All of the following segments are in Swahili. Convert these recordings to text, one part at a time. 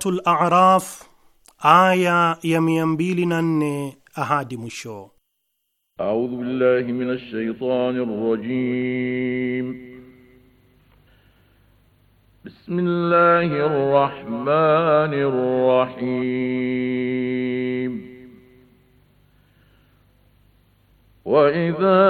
Suratul A'raf aya ya mia mbili na nne ahadi mwisho. A'udhu billahi minash shaitanir rajim. بسم الله الرحمن الرحيم وإذا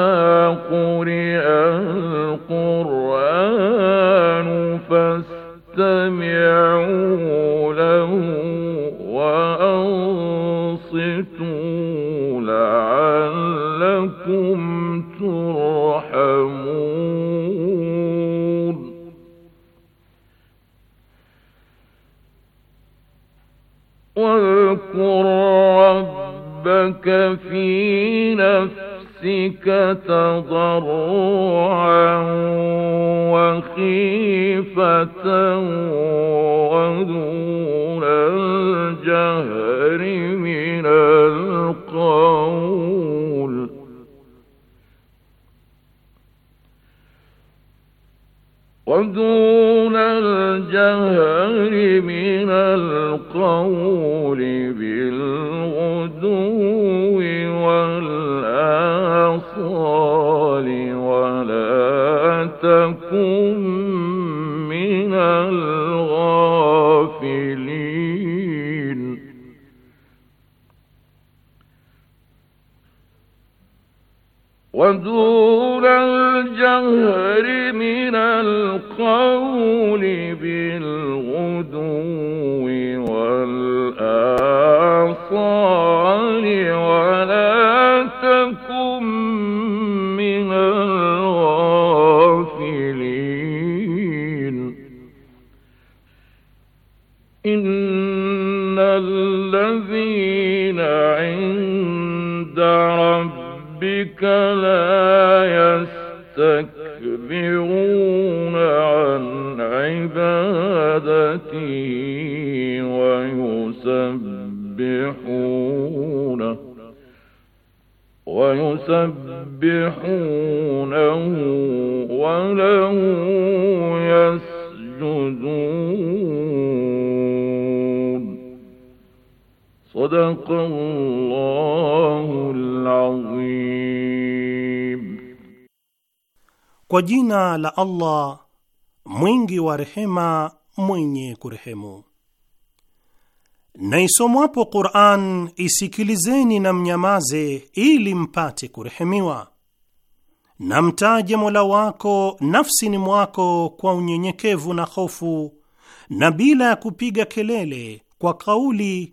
قرئ القرآن فاستمعوا فاستمعوا له وأنصتوا لعلكم ترحمون واذكر ربك في نفسك تضرعا Sadaqallahul Azim. Kwa jina la Allah mwingi wa rehema mwenye kurehemu. Naisomwapo Qur'an isikilizeni na mnyamaze, ili mpate kurehemiwa. Na mtaje Mola wako nafsini mwako kwa unyenyekevu na hofu, na bila ya kupiga kelele, kwa kauli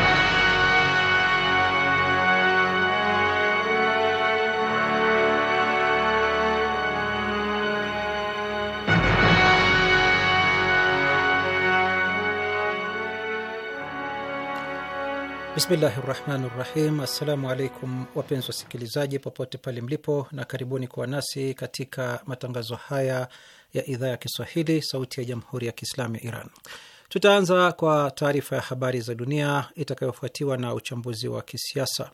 Bismillahi rahmani rahim. Assalamu alaikum wapenzi wasikilizaji popote pale mlipo, na karibuni kuwa nasi katika matangazo haya ya idhaa ya Kiswahili sauti ya jamhuri ya Kiislamu ya Iran. Tutaanza kwa taarifa ya habari za dunia itakayofuatiwa na uchambuzi wa kisiasa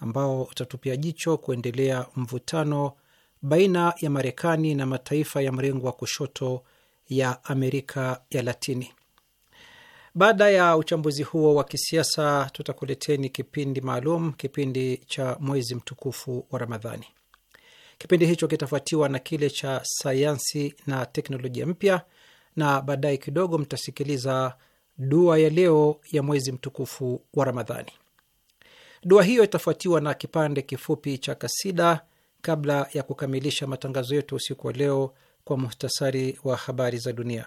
ambao utatupia jicho kuendelea mvutano baina ya Marekani na mataifa ya mrengo wa kushoto ya Amerika ya Latini. Baada ya uchambuzi huo wa kisiasa, tutakuleteni kipindi maalum, kipindi cha mwezi mtukufu wa Ramadhani. Kipindi hicho kitafuatiwa na kile cha sayansi na teknolojia mpya, na baadaye kidogo mtasikiliza dua ya leo ya mwezi mtukufu wa Ramadhani. Dua hiyo itafuatiwa na kipande kifupi cha kasida kabla ya kukamilisha matangazo yetu usiku wa leo kwa muhtasari wa habari za dunia.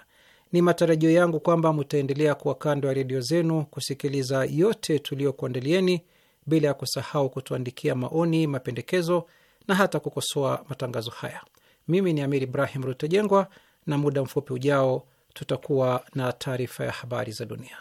Ni matarajio yangu kwamba mtaendelea kuwa kando ya redio zenu kusikiliza yote tuliyokuandalieni, bila ya kusahau kutuandikia maoni, mapendekezo na hata kukosoa matangazo haya. Mimi ni Amir Ibrahim rutejengwa na muda mfupi ujao tutakuwa na taarifa ya habari za dunia.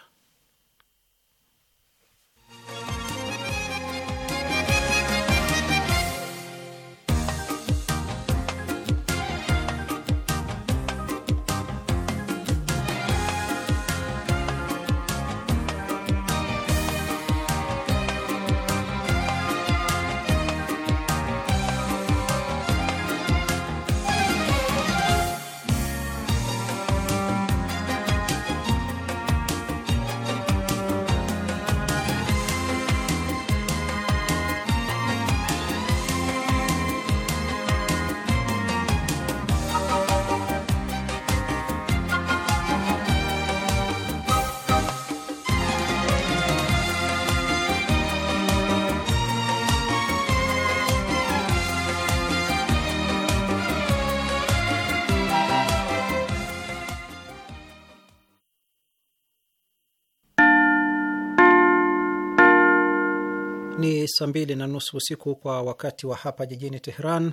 saa mbili na nusu usiku kwa wakati wa hapa jijini Teheran,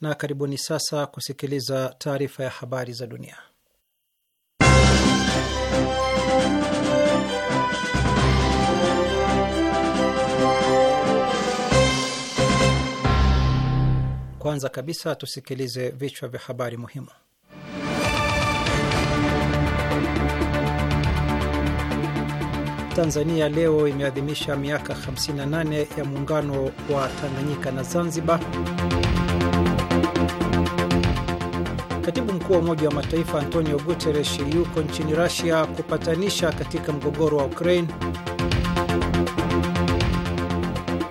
na karibuni sasa kusikiliza taarifa ya habari za dunia. Kwanza kabisa tusikilize vichwa vya habari muhimu. Tanzania leo imeadhimisha miaka 58 ya muungano wa Tanganyika na Zanzibar. Katibu mkuu wa Umoja wa Mataifa Antonio Guterres yuko nchini Rasia kupatanisha katika mgogoro wa Ukraine.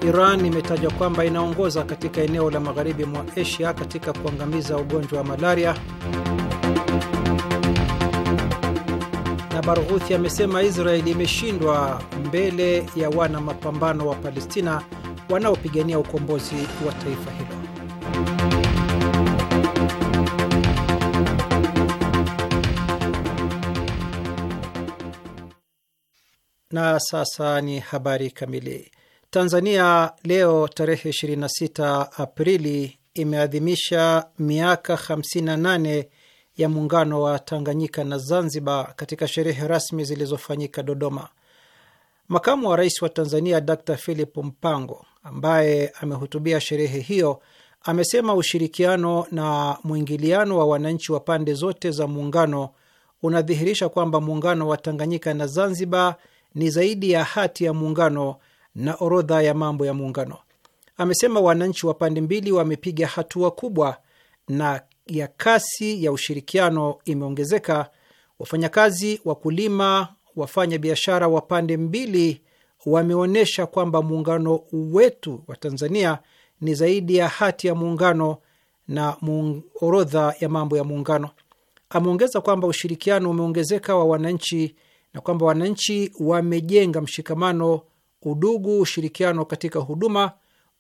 Iran imetajwa kwamba inaongoza katika eneo la magharibi mwa Asia katika kuangamiza ugonjwa wa malaria. Marghuthi amesema Israeli imeshindwa mbele ya wana mapambano wa Palestina wanaopigania ukombozi wa taifa hilo. Na sasa ni habari kamili. Tanzania leo tarehe 26 Aprili imeadhimisha miaka 58 ya muungano wa Tanganyika na Zanzibar katika sherehe rasmi zilizofanyika Dodoma. Makamu wa rais wa Tanzania Dr Philip Mpango, ambaye amehutubia sherehe hiyo, amesema ushirikiano na mwingiliano wa wananchi wa pande zote za muungano unadhihirisha kwamba muungano wa Tanganyika na Zanzibar ni zaidi ya hati ya muungano na orodha ya mambo ya muungano. Amesema wananchi wa pande mbili wamepiga hatua kubwa na ya kasi ya ushirikiano imeongezeka, wafanyakazi, wakulima, wafanya biashara wa pande mbili wameonyesha kwamba muungano wetu wa Tanzania ni zaidi ya hati ya muungano na orodha ya mambo ya muungano. Ameongeza kwamba ushirikiano umeongezeka wa wananchi na kwamba wananchi wamejenga mshikamano, udugu, ushirikiano katika huduma,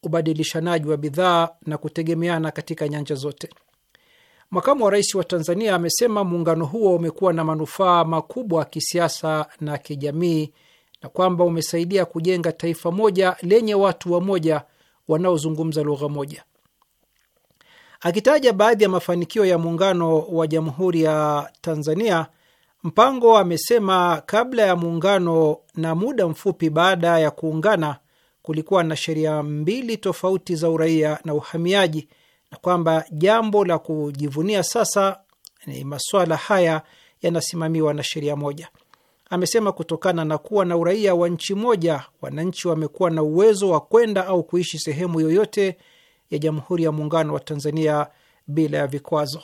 ubadilishanaji wa bidhaa na kutegemeana katika nyanja zote. Makamu wa rais wa Tanzania amesema muungano huo umekuwa na manufaa makubwa kisiasa na kijamii na kwamba umesaidia kujenga taifa moja lenye watu wamoja wanaozungumza lugha moja. Akitaja baadhi ya mafanikio ya muungano wa jamhuri ya Tanzania, Mpango amesema kabla ya muungano na muda mfupi baada ya kuungana kulikuwa na sheria mbili tofauti za uraia na uhamiaji na kwamba jambo la kujivunia sasa ni masuala haya yanasimamiwa na sheria moja. Amesema kutokana na kuwa na uraia wa nchi moja, wananchi wamekuwa na uwezo wa kwenda au kuishi sehemu yoyote ya Jamhuri ya Muungano wa Tanzania bila ya vikwazo.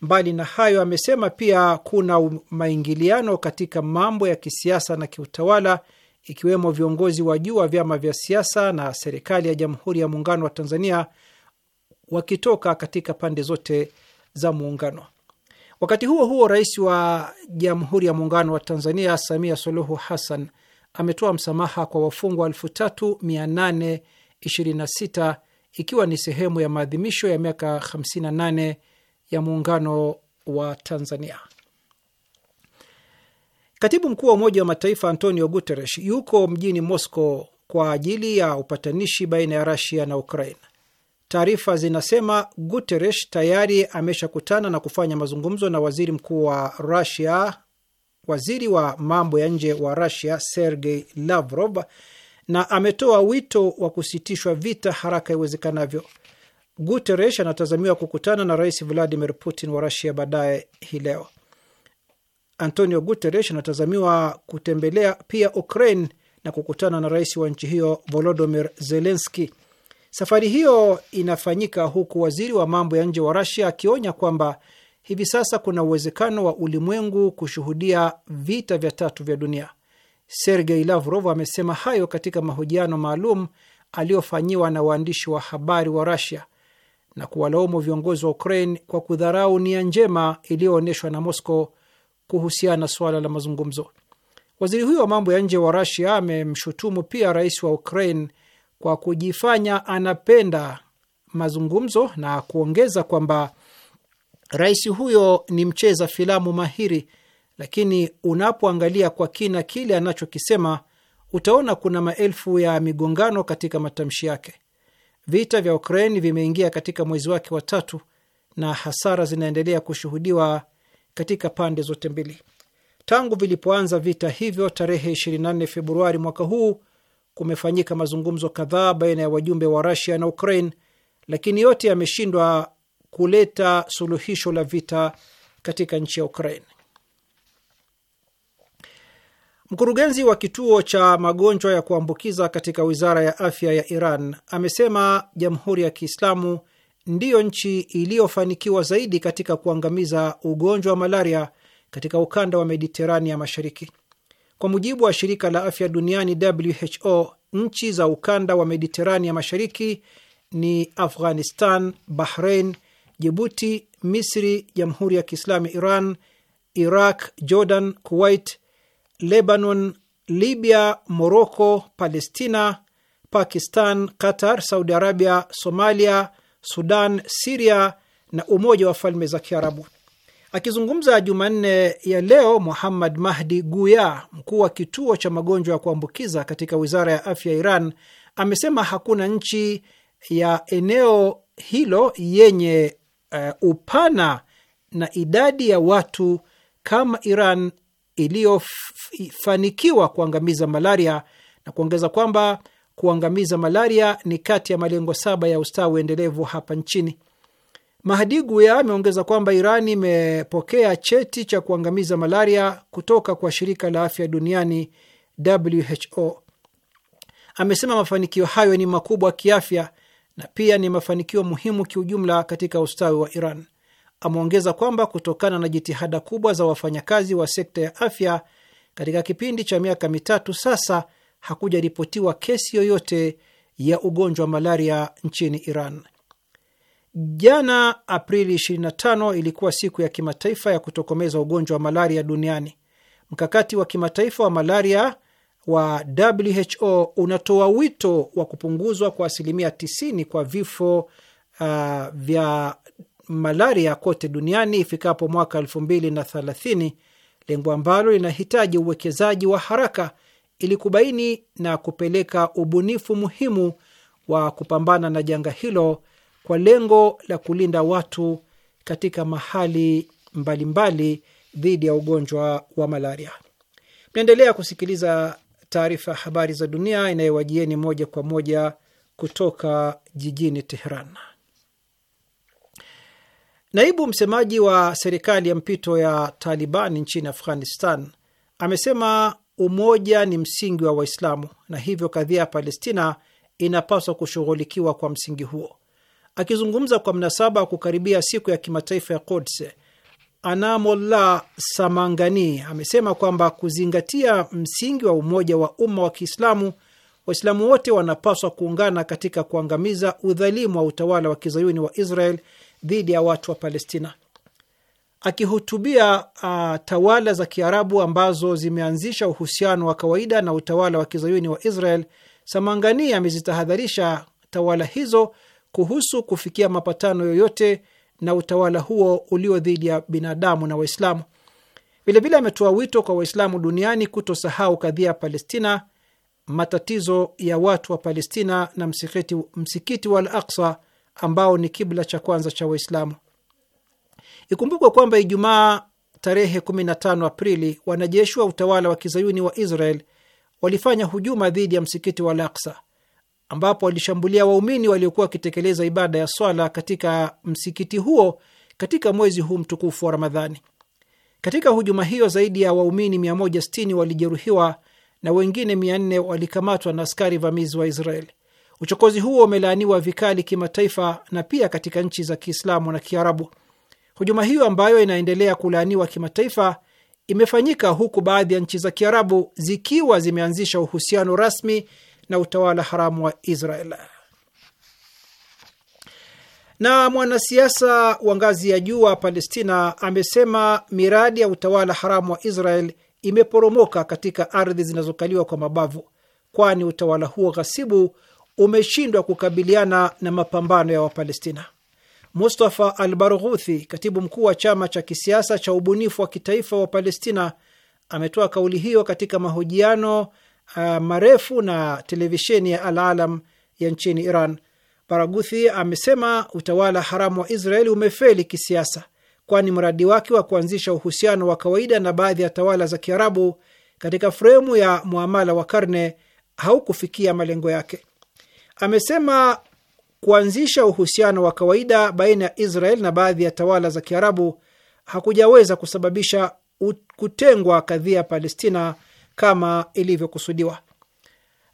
Mbali na hayo, amesema pia kuna maingiliano katika mambo ya kisiasa na kiutawala, ikiwemo viongozi wa juu wa vyama vya siasa na serikali ya Jamhuri ya Muungano wa Tanzania wakitoka katika pande zote za muungano. Wakati huo huo, rais wa Jamhuri ya Muungano wa Tanzania Samia Suluhu Hassan ametoa msamaha kwa wafungwa 3826 ikiwa ni sehemu ya maadhimisho ya miaka 58 ya muungano wa Tanzania. Katibu mkuu wa Umoja wa Mataifa Antonio Guterres yuko mjini Moscow kwa ajili ya upatanishi baina ya Rasia na Ukraina. Taarifa zinasema Guterres tayari ameshakutana na kufanya mazungumzo na waziri mkuu wa Rusia, waziri wa mambo ya nje wa Rusia Sergei Lavrov, na ametoa wito wa kusitishwa vita haraka iwezekanavyo. Guterres anatazamiwa kukutana na rais Vladimir Putin wa rasia baadaye hii leo. Antonio Guterres anatazamiwa kutembelea pia Ukraine na kukutana na rais wa nchi hiyo Volodymyr Zelensky. Safari hiyo inafanyika huku waziri wa mambo ya nje wa Rasia akionya kwamba hivi sasa kuna uwezekano wa ulimwengu kushuhudia vita vya tatu vya dunia. Sergei Lavrov amesema hayo katika mahojiano maalum aliyofanyiwa na waandishi wa habari wa Rasia na kuwalaumu viongozi wa Ukraine kwa kudharau nia njema iliyoonyeshwa na Moscow kuhusiana na suala la mazungumzo. Waziri huyo wa mambo ya nje wa Rasia amemshutumu pia rais wa Ukraine kwa kujifanya anapenda mazungumzo na kuongeza kwamba rais huyo ni mcheza filamu mahiri, lakini unapoangalia kwa kina kile anachokisema utaona kuna maelfu ya migongano katika matamshi yake. Vita vya ukrain vimeingia katika mwezi wake wa tatu na hasara zinaendelea kushuhudiwa katika pande zote mbili. Tangu vilipoanza vita hivyo tarehe 24 Februari mwaka huu, kumefanyika mazungumzo kadhaa baina ya wajumbe wa rasia na Ukraine, lakini yote yameshindwa kuleta suluhisho la vita katika nchi ya Ukraine. Mkurugenzi wa kituo cha magonjwa ya kuambukiza katika wizara ya afya ya Iran amesema Jamhuri ya Kiislamu ndiyo nchi iliyofanikiwa zaidi katika kuangamiza ugonjwa wa malaria katika ukanda wa Mediterania Mashariki. Kwa mujibu wa shirika la afya duniani WHO, nchi za ukanda wa Mediterania mashariki ni Afghanistan, Bahrain, Jibuti, Misri, Jamhuri ya Kiislamu Iran, Iraq, Jordan, Kuwait, Lebanon, Libya, Moroko, Palestina, Pakistan, Qatar, Saudi Arabia, Somalia, Sudan, Siria na Umoja wa Falme za Kiarabu. Akizungumza Jumanne ya leo, Muhammad Mahdi Guya, mkuu wa kituo cha magonjwa ya kuambukiza katika wizara ya afya ya Iran, amesema hakuna nchi ya eneo hilo yenye uh, upana na idadi ya watu kama Iran iliyofanikiwa kuangamiza malaria na kuongeza kwamba kuangamiza malaria ni kati ya malengo saba ya ustawi endelevu hapa nchini. Mahdi Guya ameongeza kwamba iran imepokea cheti cha kuangamiza malaria kutoka kwa shirika la afya duniani WHO. Amesema mafanikio hayo ni makubwa kiafya na pia ni mafanikio muhimu kiujumla katika ustawi wa Iran. Ameongeza kwamba kutokana na jitihada kubwa za wafanyakazi wa sekta ya afya katika kipindi cha miaka mitatu sasa hakujaripotiwa kesi yoyote ya ugonjwa wa malaria nchini Iran. Jana Aprili 25 ilikuwa siku ya kimataifa ya kutokomeza ugonjwa wa malaria duniani. Mkakati wa kimataifa wa malaria wa WHO unatoa wito wa kupunguzwa kwa asilimia 90 kwa vifo uh, vya malaria kote duniani ifikapo mwaka 2030, lengo ambalo linahitaji uwekezaji wa haraka ili kubaini na kupeleka ubunifu muhimu wa kupambana na janga hilo kwa lengo la kulinda watu katika mahali mbalimbali dhidi ya ugonjwa wa malaria. Mnaendelea kusikiliza taarifa ya habari za dunia inayowajieni moja kwa moja kutoka jijini Teheran. Naibu msemaji wa serikali ya mpito ya Taliban nchini Afghanistan amesema umoja ni msingi wa Waislamu na hivyo kadhia ya Palestina inapaswa kushughulikiwa kwa msingi huo. Akizungumza kwa mnasaba wa kukaribia siku ya kimataifa ya Quds, Anamullah Samangani amesema kwamba kuzingatia msingi wa umoja wa umma wa Kiislamu, Waislamu wote wanapaswa kuungana katika kuangamiza udhalimu wa utawala wa kizayuni wa Israel dhidi ya watu wa Palestina. Akihutubia uh, tawala za Kiarabu ambazo zimeanzisha uhusiano wa kawaida na utawala wa kizayuni wa Israel, Samangani amezitahadharisha tawala hizo kuhusu kufikia mapatano yoyote na utawala huo ulio dhidi ya binadamu na Waislamu. Vilevile ametoa wito kwa Waislamu duniani kutosahau kadhia ya Palestina, matatizo ya watu wa Palestina na msikiti, msikiti wa Al ambao ni kibla cha kwanza cha Waislamu. Ikumbukwe kwamba Ijumaa tarehe 15 Aprili wanajeshi wa utawala wa kizayuni wa Israel walifanya hujuma dhidi ya msikiti wa Al ambapo walishambulia waumini waliokuwa wakitekeleza ibada ya swala katika msikiti huo katika mwezi huu mtukufu wa Ramadhani. Katika hujuma hiyo zaidi ya waumini 160 walijeruhiwa na wengine 400 walikamatwa na askari vamizi wa Israeli. Uchokozi huo umelaaniwa vikali kimataifa na pia katika nchi za Kiislamu na Kiarabu. Hujuma hiyo ambayo inaendelea kulaaniwa kimataifa imefanyika huku baadhi ya nchi za Kiarabu zikiwa zimeanzisha uhusiano rasmi na utawala haramu wa Israel. Na mwanasiasa wa ngazi ya juu wa Palestina amesema miradi ya utawala haramu wa Israel imeporomoka katika ardhi zinazokaliwa kwa mabavu, kwani utawala huo ghasibu umeshindwa kukabiliana na mapambano ya Wapalestina. Mustafa Al Barghuthi, katibu mkuu wa chama cha kisiasa cha ubunifu wa kitaifa wa Palestina, ametoa kauli hiyo katika mahojiano uh, marefu na televisheni ya Alalam ya nchini Iran. Baraguthi amesema utawala haramu wa Israeli umefeli kisiasa, kwani mradi wake wa kuanzisha uhusiano wa kawaida na baadhi ya tawala za Kiarabu katika fremu ya muamala wa karne haukufikia malengo yake. Amesema kuanzisha uhusiano wa kawaida baina ya Israel na baadhi ya tawala za Kiarabu hakujaweza kusababisha kutengwa kadhia Palestina kama ilivyokusudiwa.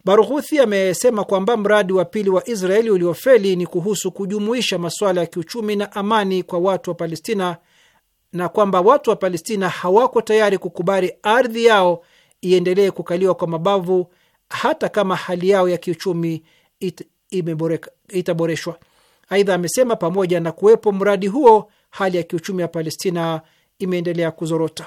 Barughuthi amesema kwamba mradi wa pili wa Israeli uliofeli ni kuhusu kujumuisha masuala ya kiuchumi na amani kwa watu wa Palestina na kwamba watu wa Palestina hawako tayari kukubali ardhi yao iendelee kukaliwa kwa mabavu hata kama hali yao ya kiuchumi it, itaboreshwa. Aidha amesema pamoja na kuwepo mradi huo, hali ya kiuchumi ya Palestina imeendelea kuzorota.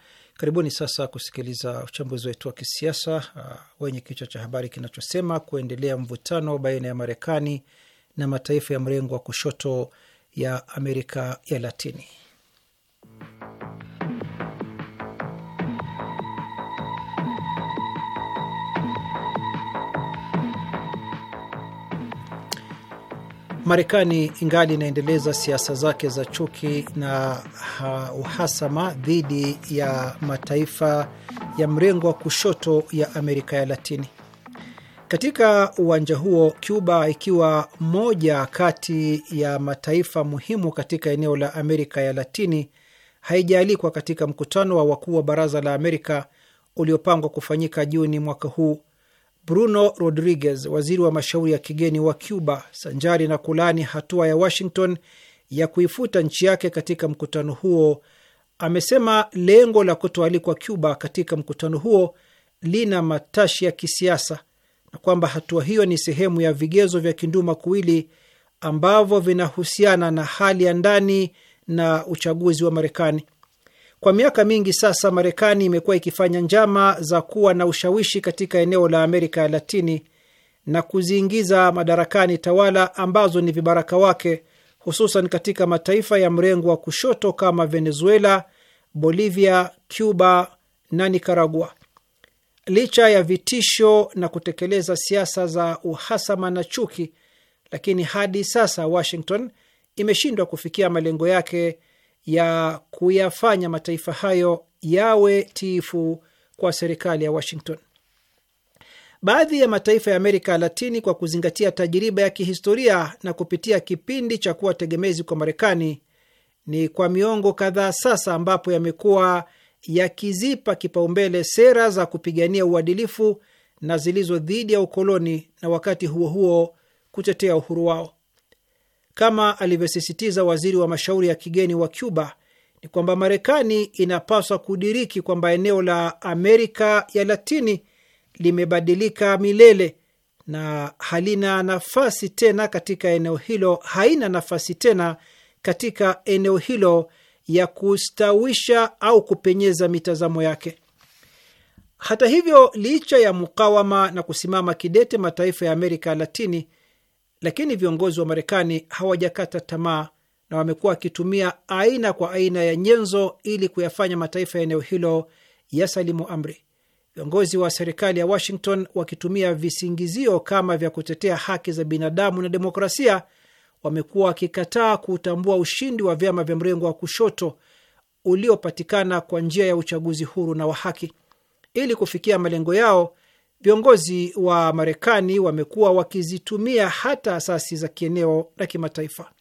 Karibuni sasa kusikiliza uchambuzi wetu wa kisiasa uh, wenye kichwa cha habari kinachosema kuendelea mvutano baina ya Marekani na mataifa ya mrengo wa kushoto ya Amerika ya Latini. Marekani ingali inaendeleza siasa zake za chuki na uhasama dhidi ya mataifa ya mrengo wa kushoto ya Amerika ya Latini. Katika uwanja huo, Cuba ikiwa moja kati ya mataifa muhimu katika eneo la Amerika ya Latini haijaalikwa katika mkutano wa wakuu wa Baraza la Amerika uliopangwa kufanyika Juni mwaka huu Bruno Rodriguez, waziri wa mashauri ya kigeni wa Cuba, sanjari na kulani hatua ya Washington ya kuifuta nchi yake katika mkutano huo, amesema lengo la kutoalikwa Cuba katika mkutano huo lina matashi ya kisiasa na kwamba hatua hiyo ni sehemu ya vigezo vya kinduma kuwili ambavyo vinahusiana na hali ya ndani na uchaguzi wa Marekani. Kwa miaka mingi sasa, Marekani imekuwa ikifanya njama za kuwa na ushawishi katika eneo la Amerika ya Latini na kuziingiza madarakani tawala ambazo ni vibaraka wake, hususan katika mataifa ya mrengo wa kushoto kama Venezuela, Bolivia, Cuba na nikaragua Licha ya vitisho na kutekeleza siasa za uhasama na chuki, lakini hadi sasa Washington imeshindwa kufikia malengo yake ya kuyafanya mataifa hayo yawe tiifu kwa serikali ya Washington. Baadhi ya mataifa ya Amerika Latini, kwa kuzingatia tajiriba ya kihistoria na kupitia kipindi cha kuwa tegemezi kwa Marekani, ni kwa miongo kadhaa sasa ambapo yamekuwa yakizipa kipaumbele sera za kupigania uadilifu na zilizo dhidi ya ukoloni na wakati huo huo kutetea uhuru wao. Kama alivyosisitiza waziri wa mashauri ya kigeni wa Cuba ni kwamba Marekani inapaswa kudiriki kwamba eneo la Amerika ya Latini limebadilika milele na halina nafasi tena katika eneo hilo, haina nafasi tena katika eneo hilo ya kustawisha au kupenyeza mitazamo yake. Hata hivyo, licha ya mukawama na kusimama kidete mataifa ya Amerika ya Latini lakini viongozi wa Marekani hawajakata tamaa na wamekuwa wakitumia aina kwa aina ya nyenzo ili kuyafanya mataifa ya eneo hilo yasalimu amri. Viongozi wa serikali ya Washington wakitumia visingizio kama vya kutetea haki za binadamu na demokrasia, wamekuwa wakikataa kuutambua ushindi wa vyama vya mrengo wa kushoto uliopatikana kwa njia ya uchaguzi huru na wa haki. Ili kufikia malengo yao, viongozi wa Marekani wamekuwa wakizitumia hata asasi za kieneo na kimataifa.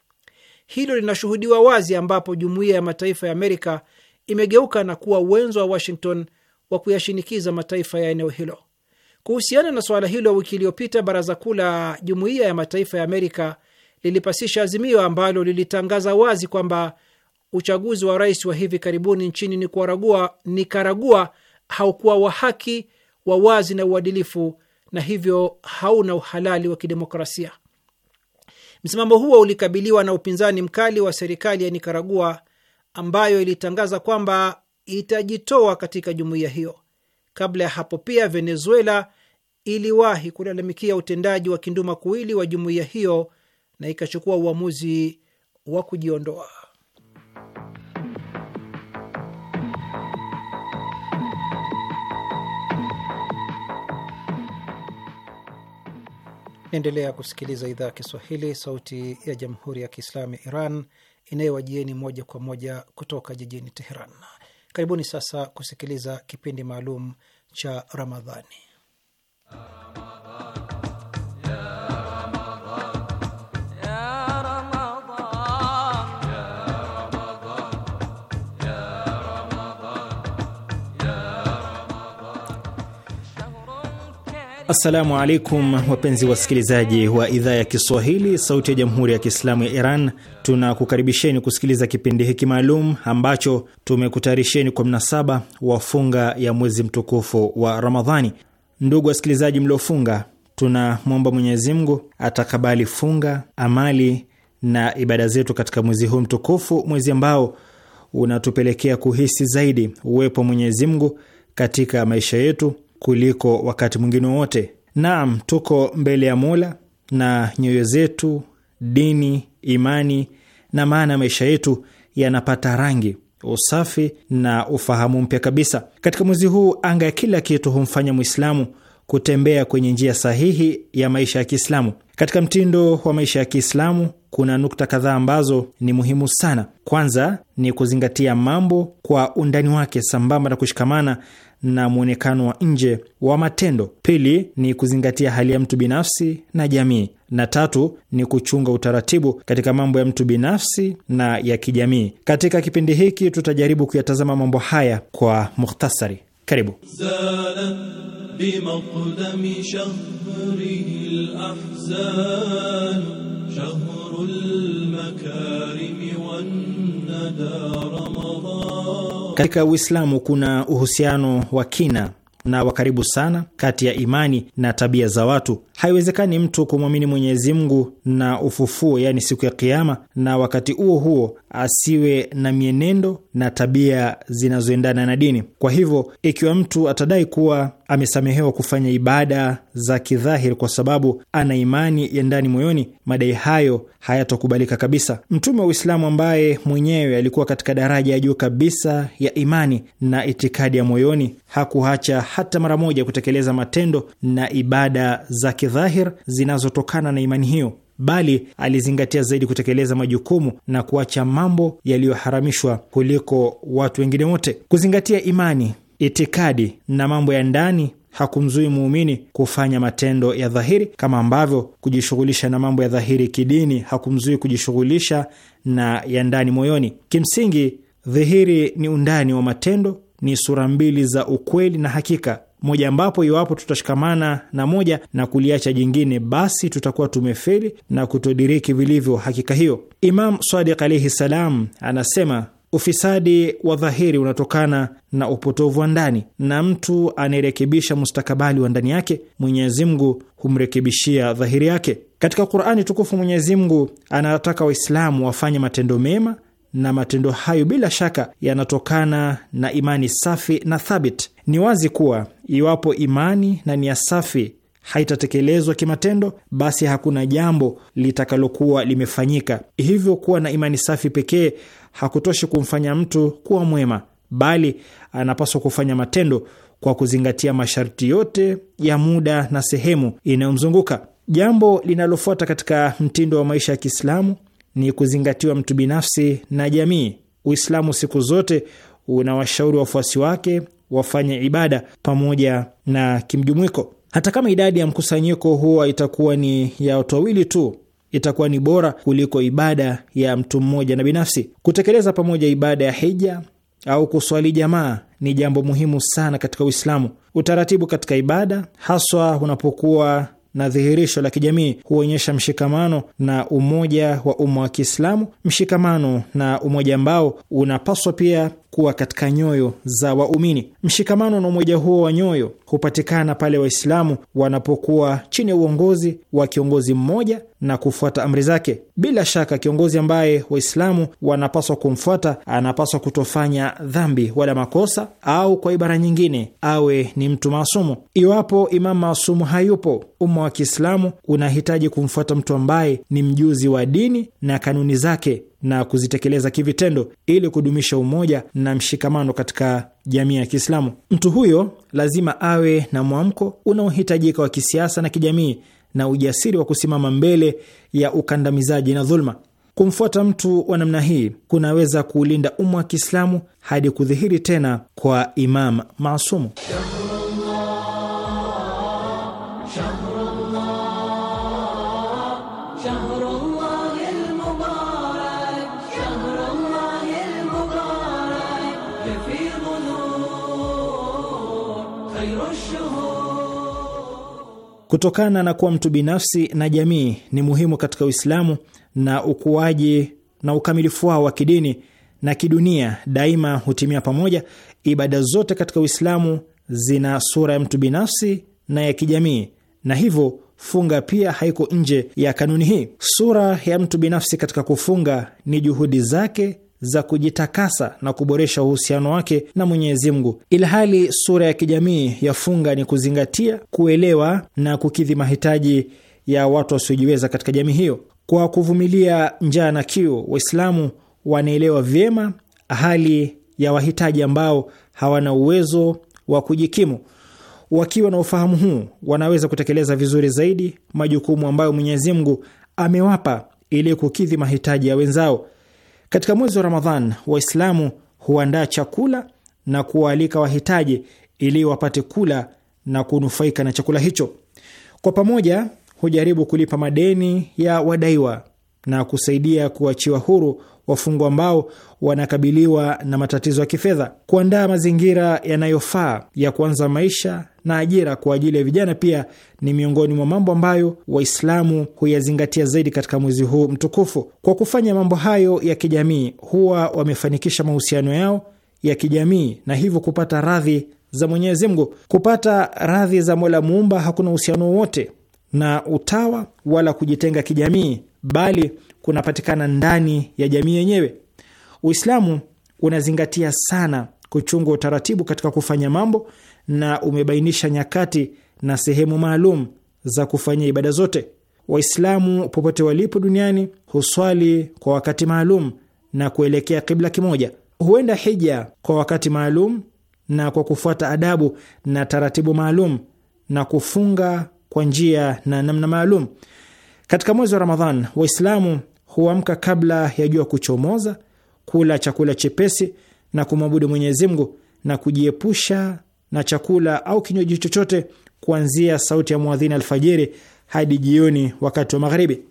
Hilo linashuhudiwa wazi, ambapo jumuiya ya mataifa ya Amerika imegeuka na kuwa uwenzo wa Washington wa kuyashinikiza mataifa ya eneo hilo. Kuhusiana na suala hilo, wiki iliyopita baraza kuu la jumuiya ya mataifa ya Amerika lilipasisha azimio ambalo lilitangaza wazi kwamba uchaguzi wa rais wa hivi karibuni nchini Nikaragua haukuwa wa haki wa wazi na uadilifu na hivyo hauna uhalali wa kidemokrasia. Msimamo huo ulikabiliwa na upinzani mkali wa serikali ya Nikaragua ambayo ilitangaza kwamba itajitoa katika jumuiya hiyo. Kabla ya hapo pia, Venezuela iliwahi kulalamikia utendaji wa kinduma kuwili wa jumuiya hiyo na ikachukua uamuzi wa kujiondoa. Naendelea kusikiliza idhaa ya Kiswahili, sauti ya jamhuri ya kiislamu ya Iran inayowajieni moja kwa moja kutoka jijini Teheran. Karibuni sasa kusikiliza kipindi maalum cha Ramadhani. Assalamu alaikum wapenzi wasikilizaji wa idhaa ya Kiswahili sauti ya jamhuri ya kiislamu ya Iran, tunakukaribisheni kusikiliza kipindi hiki maalum ambacho tumekutayarisheni kwa mnasaba wa funga ya mwezi mtukufu wa Ramadhani. Ndugu wasikilizaji mliofunga, tunamwomba Mwenyezi Mungu atakabali funga, amali na ibada zetu katika mwezi huu mtukufu, mwezi ambao unatupelekea kuhisi zaidi uwepo Mwenyezi Mungu katika maisha yetu kuliko wakati mwingine wowote. Naam, tuko mbele ya Mola na nyoyo zetu, dini, imani na maana ya maisha yetu yanapata rangi, usafi na ufahamu mpya kabisa. Katika mwezi huu, anga ya kila kitu humfanya Mwislamu kutembea kwenye njia sahihi ya maisha ya Kiislamu. Katika mtindo wa maisha ya Kiislamu kuna nukta kadhaa ambazo ni muhimu sana. Kwanza ni kuzingatia mambo kwa undani wake, sambamba na kushikamana na mwonekano wa nje wa matendo. Pili ni kuzingatia hali ya mtu binafsi na jamii, na tatu ni kuchunga utaratibu katika mambo ya mtu binafsi na ya kijamii. Katika kipindi hiki tutajaribu kuyatazama mambo haya kwa mukhtasari. Karibu. Katika Uislamu kuna uhusiano wa kina na wa karibu sana kati ya imani na tabia za watu. Haiwezekani mtu kumwamini Mwenyezi Mungu na ufufuo, yaani siku ya Kiama, na wakati huo huo asiwe na mienendo na tabia zinazoendana na dini. Kwa hivyo, ikiwa mtu atadai kuwa amesamehewa kufanya ibada za kidhahiri kwa sababu ana imani ya ndani moyoni, madai hayo hayatokubalika kabisa. Mtume wa Uislamu ambaye mwenyewe alikuwa katika daraja ya juu kabisa ya imani na itikadi ya moyoni, hakuacha hata mara moja kutekeleza matendo na ibada za kidhahir zinazotokana na imani hiyo bali alizingatia zaidi kutekeleza majukumu na kuacha mambo yaliyoharamishwa kuliko watu wengine wote. Kuzingatia imani itikadi na mambo ya ndani hakumzui muumini kufanya matendo ya dhahiri kama ambavyo kujishughulisha na mambo ya dhahiri kidini hakumzui kujishughulisha na ya ndani moyoni. Kimsingi, dhahiri ni undani wa matendo, ni sura mbili za ukweli na hakika moja, ambapo iwapo tutashikamana na moja na kuliacha jingine, basi tutakuwa tumefeli na kutodiriki vilivyo hakika hiyo. Imam Sadiq alaihi salam anasema Ufisadi wa dhahiri unatokana na upotovu wa ndani, na mtu anayerekebisha mustakabali wa ndani yake, Mwenyezi Mungu humrekebishia dhahiri yake. Katika Qur'ani tukufu, Mwenyezi Mungu anataka Waislamu wafanye matendo mema, na matendo hayo bila shaka yanatokana na imani safi na thabit. Ni wazi kuwa iwapo imani na nia safi haitatekelezwa kimatendo, basi hakuna jambo litakalokuwa limefanyika. Hivyo, kuwa na imani safi pekee hakutoshi kumfanya mtu kuwa mwema, bali anapaswa kufanya matendo kwa kuzingatia masharti yote ya muda na sehemu inayomzunguka. Jambo linalofuata katika mtindo wa maisha ya Kiislamu ni kuzingatiwa mtu binafsi na jamii. Uislamu siku zote unawashauri wafuasi wake wafanye ibada pamoja na kimjumuiko. Hata kama idadi ya mkusanyiko huwa itakuwa ni ya watu wawili tu, itakuwa ni bora kuliko ibada ya mtu mmoja na binafsi. Kutekeleza pamoja ibada ya hija au kuswali jamaa ni jambo muhimu sana katika Uislamu. Utaratibu katika ibada, haswa unapokuwa na dhihirisho la kijamii, huonyesha mshikamano na umoja wa umma wa Kiislamu, mshikamano na umoja ambao unapaswa pia kuwa katika nyoyo za waumini. Mshikamano na umoja huo wa nyoyo hupatikana pale Waislamu wanapokuwa chini ya uongozi wa kiongozi mmoja na kufuata amri zake. Bila shaka, kiongozi ambaye Waislamu wanapaswa kumfuata anapaswa kutofanya dhambi wala makosa, au kwa ibara nyingine, awe ni mtu maasumu. Iwapo imamu maasumu hayupo, umma wa Kiislamu unahitaji kumfuata mtu ambaye ni mjuzi wa dini na kanuni zake na kuzitekeleza kivitendo ili kudumisha umoja na mshikamano katika jamii ya Kiislamu. Mtu huyo lazima awe na mwamko unaohitajika wa kisiasa na kijamii na ujasiri wa kusimama mbele ya ukandamizaji na dhuluma. Kumfuata mtu wa namna hii kunaweza kuulinda umma wa Kiislamu hadi kudhihiri tena kwa Imam Masumu. Kutokana na kuwa mtu binafsi na jamii ni muhimu katika Uislamu na ukuaji na ukamilifu wao wa kidini na kidunia daima hutimia pamoja. Ibada zote katika Uislamu zina sura ya mtu binafsi na ya kijamii, na hivyo funga pia haiko nje ya kanuni hii. Sura ya mtu binafsi katika kufunga ni juhudi zake za kujitakasa na kuboresha uhusiano wake na Mwenyezi Mungu, ilhali sura ya kijamii ya funga ni kuzingatia, kuelewa na kukidhi mahitaji ya watu wasiojiweza katika jamii hiyo. Kwa kuvumilia njaa na kiu, Waislamu wanaelewa vyema hali ya wahitaji ambao hawana uwezo wa kujikimu. Wakiwa na ufahamu huu, wanaweza kutekeleza vizuri zaidi majukumu ambayo Mwenyezi Mungu amewapa ili kukidhi mahitaji ya wenzao. Katika mwezi wa Ramadhan, Waislamu huandaa chakula na kuwaalika wahitaji ili wapate kula na kunufaika na chakula hicho. Kwa pamoja hujaribu kulipa madeni ya wadaiwa na kusaidia kuachiwa huru wafungwa ambao wanakabiliwa na matatizo ya kifedha, kuandaa mazingira yanayofaa ya kuanza maisha na ajira kwa ajili ya vijana pia ni miongoni mwa mambo ambayo Waislamu huyazingatia zaidi katika mwezi huu mtukufu. Kwa kufanya mambo hayo ya kijamii, huwa wamefanikisha mahusiano yao ya kijamii na hivyo kupata radhi za Mwenyezi Mungu. Kupata radhi za Mola Muumba hakuna uhusiano wowote na utawa wala kujitenga kijamii bali kunapatikana ndani ya jamii yenyewe. Uislamu unazingatia sana kuchunga utaratibu katika kufanya mambo na umebainisha nyakati na sehemu maalum za kufanyia ibada zote. Waislamu popote walipo duniani huswali kwa wakati maalum na kuelekea kibla kimoja, huenda hija kwa wakati maalum na kwa kufuata adabu na taratibu maalum, na kufunga kwa njia na namna maalum. Katika mwezi wa Ramadhan, Waislamu huamka kabla ya jua kuchomoza, kula chakula chepesi na kumwabudu Mwenyezi Mungu na kujiepusha na chakula au kinywaji chochote kuanzia sauti ya mwadhini alfajiri hadi jioni wakati wa magharibi.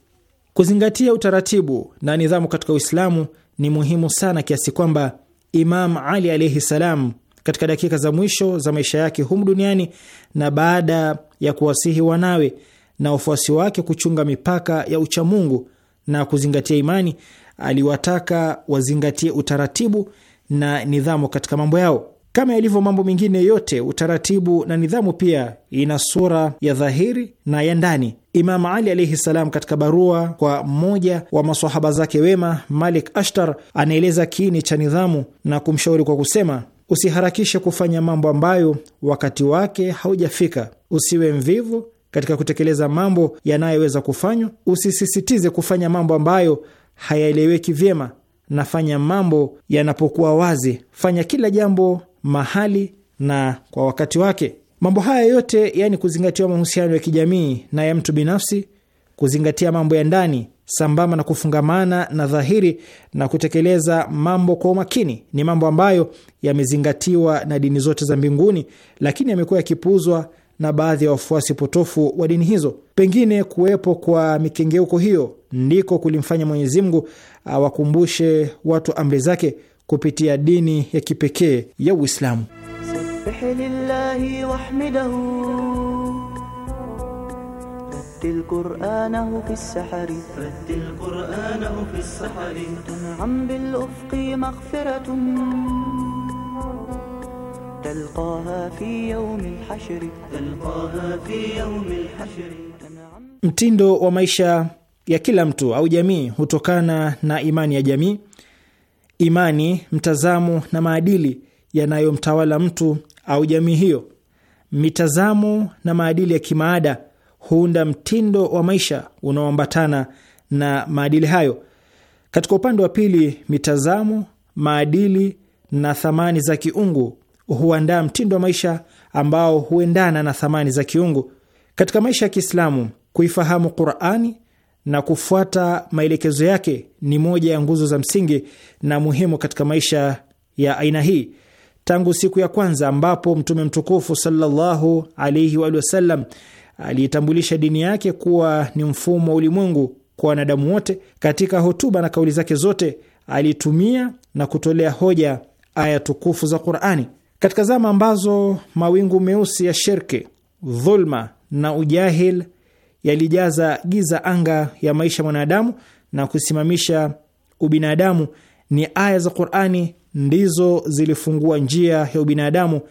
Kuzingatia utaratibu na nidhamu katika Uislamu ni muhimu sana kiasi kwamba Imam Ali alaihi salam katika dakika za mwisho za maisha yake humu duniani na baada ya kuwasihi wanawe na wafuasi wake kuchunga mipaka ya uchamungu na kuzingatia imani, aliwataka wazingatie utaratibu na nidhamu katika mambo yao. Kama ilivyo mambo mengine yote, utaratibu na nidhamu pia ina sura ya dhahiri na ya ndani. Imam Ali alaihi salam, katika barua kwa mmoja wa masahaba zake wema, Malik Ashtar, anaeleza kiini cha nidhamu na kumshauri kwa kusema, usiharakishe kufanya mambo ambayo wakati wake haujafika, usiwe mvivu katika kutekeleza mambo yanayoweza kufanywa. Usisisitize kufanya mambo ambayo hayaeleweki vyema, nafanya mambo yanapokuwa wazi. Fanya kila jambo mahali na kwa wakati wake. Mambo haya yote yaani, kuzingatiwa mahusiano ya kijamii na ya mtu binafsi, kuzingatia mambo ya ndani sambamba na kufungamana na dhahiri na kutekeleza mambo kwa umakini, ni mambo ambayo yamezingatiwa na dini zote za mbinguni, lakini yamekuwa yakipuuzwa na baadhi ya wafuasi potofu wa dini hizo. Pengine kuwepo kwa mikengeuko hiyo ndiko kulimfanya Mwenyezi Mungu awakumbushe watu amri zake kupitia dini ya kipekee ya Uislamu. تلقاها في يوم الحشر تلقاها في يوم الحشر Mtindo wa maisha ya kila mtu au jamii hutokana na imani ya jamii, imani, mtazamo na maadili yanayomtawala mtu au jamii hiyo. Mitazamo na maadili ya kimaada huunda mtindo wa maisha unaoambatana na maadili hayo. Katika upande wa pili, mitazamo, maadili na thamani za kiungu huandaa mtindo wa maisha ambao huendana na thamani za kiungu. Katika maisha ya Kiislamu, kuifahamu Qurani na kufuata maelekezo yake ni moja ya nguzo za msingi na muhimu katika maisha ya aina hii. Tangu siku ya kwanza ambapo Mtume mtukufu sallallahu alaihi wa sallam aliitambulisha dini yake kuwa ni mfumo wa ulimwengu kwa wanadamu wote, katika hotuba na kauli zake zote alitumia na kutolea hoja aya tukufu za Qurani. Katika zama ambazo mawingu meusi ya shirki, dhulma na ujahil yalijaza giza anga ya maisha mwanadamu na kusimamisha ubinadamu, ni aya za Qur'ani ndizo zilifungua njia ya ubinadamu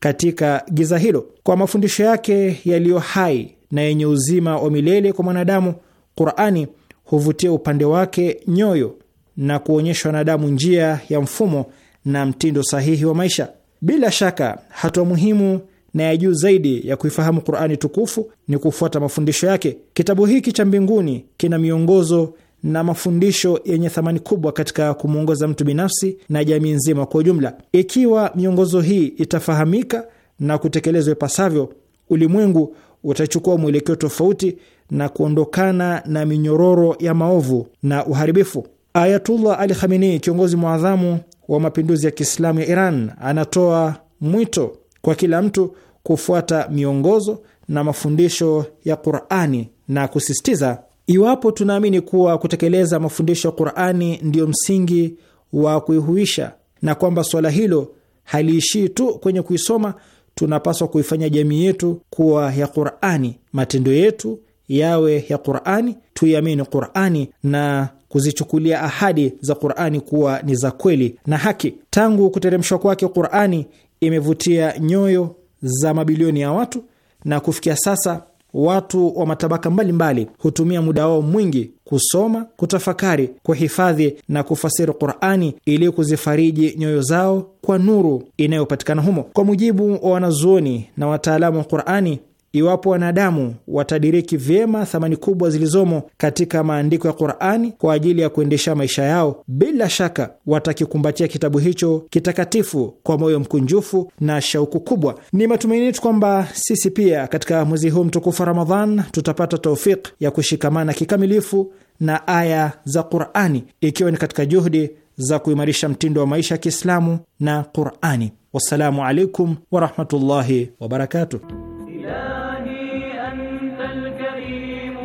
katika giza hilo. Kwa mafundisho yake yaliyo hai na yenye uzima wa milele kwa mwanadamu, Qur'ani huvutia upande wake nyoyo na kuonyesha wanadamu njia ya mfumo na mtindo sahihi wa maisha. Bila shaka hatua muhimu na ya juu zaidi ya kuifahamu Qur'ani tukufu ni kufuata mafundisho yake. Kitabu hiki cha mbinguni kina miongozo na mafundisho yenye thamani kubwa katika kumwongoza mtu binafsi na jamii nzima kwa ujumla. Ikiwa miongozo hii itafahamika na kutekelezwa ipasavyo, ulimwengu utachukua mwelekeo tofauti na kuondokana na minyororo ya maovu na uharibifu. Ayatullah Ali Khamenei, kiongozi mwadhamu wa mapinduzi ya Kiislamu ya Iran anatoa mwito kwa kila mtu kufuata miongozo na mafundisho ya Qur'ani na kusisitiza, iwapo tunaamini kuwa kutekeleza mafundisho ya Qur'ani ndiyo msingi wa kuihuisha na kwamba swala hilo haliishii tu kwenye kuisoma, tunapaswa kuifanya jamii yetu kuwa ya Qur'ani, matendo yetu yawe ya Qur'ani, tuiamini Qur'ani na kuzichukulia ahadi za Qur'ani kuwa ni za kweli na haki. Tangu kuteremshwa kwake, Qur'ani imevutia nyoyo za mabilioni ya watu na kufikia sasa watu wa matabaka mbalimbali mbali hutumia muda wao mwingi kusoma, kutafakari, kuhifadhi na kufasiri Qur'ani ili kuzifariji nyoyo zao kwa nuru inayopatikana humo. Kwa mujibu wa wanazuoni na wataalamu wa Qur'ani, Iwapo wanadamu watadiriki vyema thamani kubwa zilizomo katika maandiko ya Qur'ani kwa ajili ya kuendesha maisha yao, bila shaka watakikumbatia kitabu hicho kitakatifu kwa moyo mkunjufu na shauku kubwa. Ni matumaini yetu kwamba sisi pia katika mwezi huu mtukufu wa Ramadhan tutapata taufik ya kushikamana kikamilifu na aya za Qur'ani, ikiwa ni katika juhudi za kuimarisha mtindo wa maisha ya Kiislamu na Qur'ani. Wassalamu alaikum warahmatullahi wabarakatuh. إلهي أنت الكريم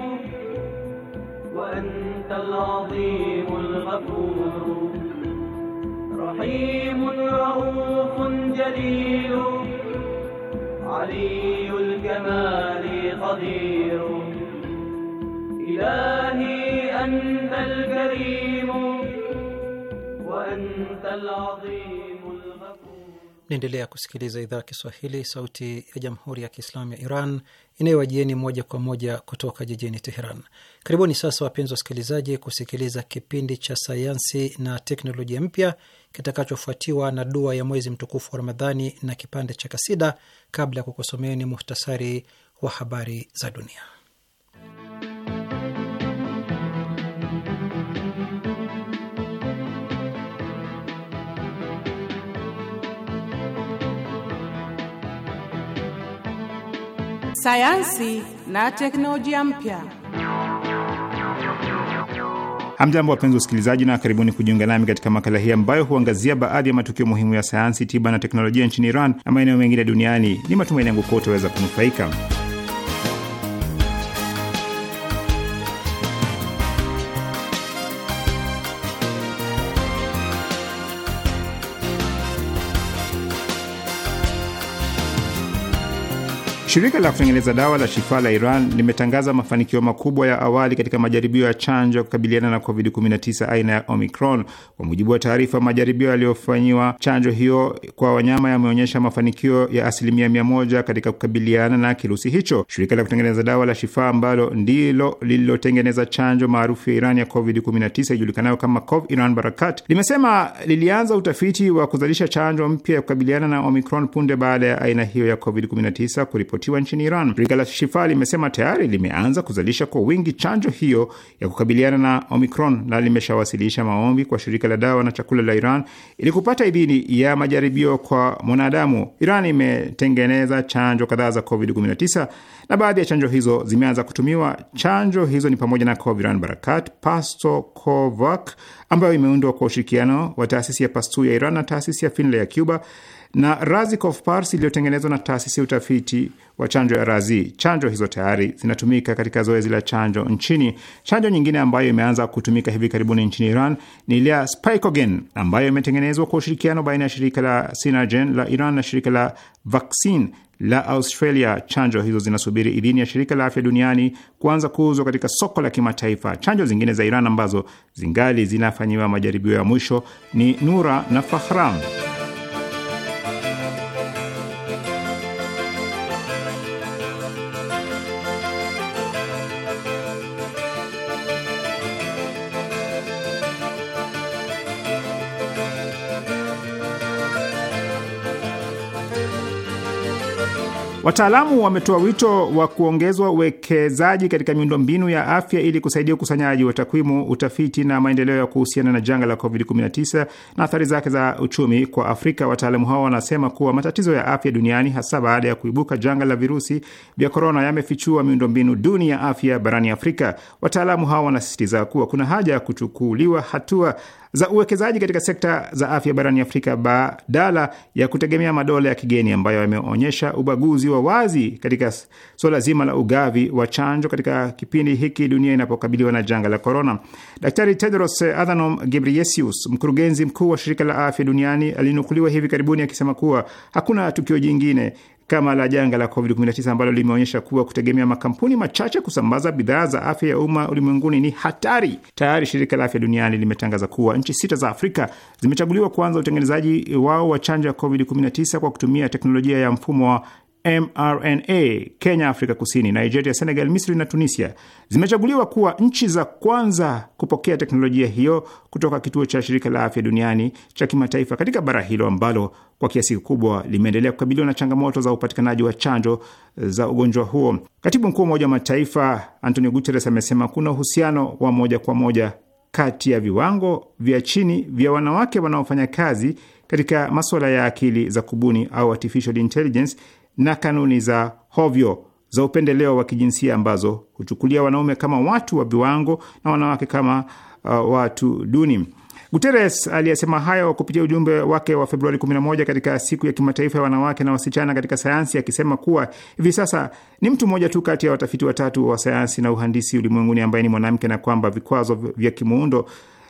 وأنت العظيم الغفور رحيم رؤوف جليل علي الكمال قدير إلهي أنت الكريم وأنت العظيم Naendelea kusikiliza idhaa ya Kiswahili, sauti ya jamhuri ya kiislamu ya Iran inayowajieni moja kwa moja kutoka jijini Teheran. Karibuni sasa, wapenzi wasikilizaji, kusikiliza kipindi cha sayansi na teknolojia mpya kitakachofuatiwa na dua ya mwezi mtukufu wa Ramadhani na kipande cha kasida, kabla ya kukusomeeni muhtasari wa habari za dunia. sayansi na teknolojia mpya. Hamjambo, wapenzi wasikilizaji, na karibuni kujiunga nami katika makala hii ambayo huangazia baadhi ya matukio muhimu ya sayansi, tiba na teknolojia nchini Iran na maeneo mengine duniani. Ni matumaini yangu kuwa utaweza kunufaika. Shirika la kutengeneza dawa la Shifaa la Iran limetangaza mafanikio makubwa ya awali katika majaribio ya chanjo ya kukabiliana na COVID-19 aina ya Omicron. Kwa mujibu wa taarifa, majaribio yaliyofanyiwa chanjo hiyo kwa wanyama yameonyesha mafanikio ya asilimia mia moja katika kukabiliana na kirusi hicho. Shirika la kutengeneza dawa la Shifaa ambalo ndilo lililotengeneza chanjo maarufu ya Iran ya COVID-19 ijulikanayo kama Cov Iran Barakat limesema lilianza utafiti wa kuzalisha chanjo mpya ya kukabiliana na Omicron punde baada ya aina hiyo ya COVID-19 kuripoti kuripotiwa nchini Iran. Shirika la Shifa limesema tayari limeanza kuzalisha kwa wingi chanjo hiyo ya kukabiliana na Omicron na limeshawasilisha maombi kwa shirika la dawa na chakula la Iran ili kupata idhini ya majaribio kwa mwanadamu. Iran imetengeneza chanjo kadhaa za COVID-19 na baadhi ya chanjo hizo zimeanza kutumiwa. Chanjo hizo ni pamoja na Coviran Barakat, Covac ambayo imeundwa kwa ushirikiano wa taasisi ya Pastu ya Iran na taasisi ya Finlay ya Cuba na Razik Pars iliyotengenezwa na taasisi ya utafiti wa chanjo ya Razi. Chanjo hizo tayari zinatumika katika zoezi la chanjo nchini. Chanjo nyingine ambayo imeanza kutumika hivi karibuni nchini Iran ni ile ya Spikogen ambayo imetengenezwa kwa ushirikiano baina ya shirika la Sinagen la Iran na shirika la Vaksin la Australia. Chanjo hizo zinasubiri idhini ya shirika la afya duniani kuanza kuuzwa katika soko la kimataifa. Chanjo zingine za Iran ambazo zingali zinafanyiwa majaribio ya mwisho ni Nura na Fahram. Wataalamu wametoa wito wa kuongezwa uwekezaji katika miundombinu ya afya ili kusaidia ukusanyaji wa takwimu, utafiti na maendeleo ya kuhusiana na janga la COVID-19 na athari zake za uchumi kwa Afrika. Wataalamu hao wanasema kuwa matatizo ya afya duniani, hasa baada ya kuibuka janga la virusi vya korona, yamefichua miundombinu duni ya afya barani Afrika. Wataalamu hao wanasisitiza kuwa kuna haja ya kuchukuliwa hatua za uwekezaji katika sekta za afya barani Afrika badala ya kutegemea madola ya kigeni ambayo yameonyesha ubaguzi wa wazi katika suala zima la ugavi wa chanjo katika kipindi hiki dunia inapokabiliwa na janga la korona. Daktari Tedros Adhanom Ghebreyesus, mkurugenzi mkuu wa shirika la afya duniani, alinukuliwa hivi karibuni akisema kuwa hakuna tukio jingine kama la janga la COVID-19 ambalo limeonyesha kuwa kutegemea makampuni machache kusambaza bidhaa za afya ya umma ulimwenguni ni hatari. Tayari shirika la afya duniani limetangaza kuwa nchi sita za Afrika zimechaguliwa kuanza utengenezaji wao wa chanjo ya COVID-19 kwa kutumia teknolojia ya mfumo wa mRNA Kenya, Afrika Kusini, Nigeria, Senegal, Misri na Tunisia zimechaguliwa kuwa nchi za kwanza kupokea teknolojia hiyo kutoka kituo cha shirika la afya duniani cha kimataifa katika bara hilo ambalo kwa kiasi kikubwa limeendelea kukabiliwa na changamoto za upatikanaji wa chanjo za ugonjwa huo. Katibu mkuu wa Umoja wa Mataifa Antonio Guterres amesema kuna uhusiano wa moja kwa moja kati ya viwango vya chini vya wanawake wanaofanya kazi katika masuala ya akili za kubuni au artificial intelligence na kanuni za hovyo za upendeleo wa kijinsia ambazo huchukulia wanaume kama watu wa viwango na wanawake kama uh, watu duni. Guterres aliyesema hayo kupitia ujumbe wake wa Februari 11 katika siku ya kimataifa ya wanawake na wasichana katika sayansi, akisema kuwa hivi sasa ni mtu mmoja tu kati ya watafiti watatu wa sayansi na uhandisi ulimwenguni ambaye ni mwanamke na kwamba vikwazo vya kimuundo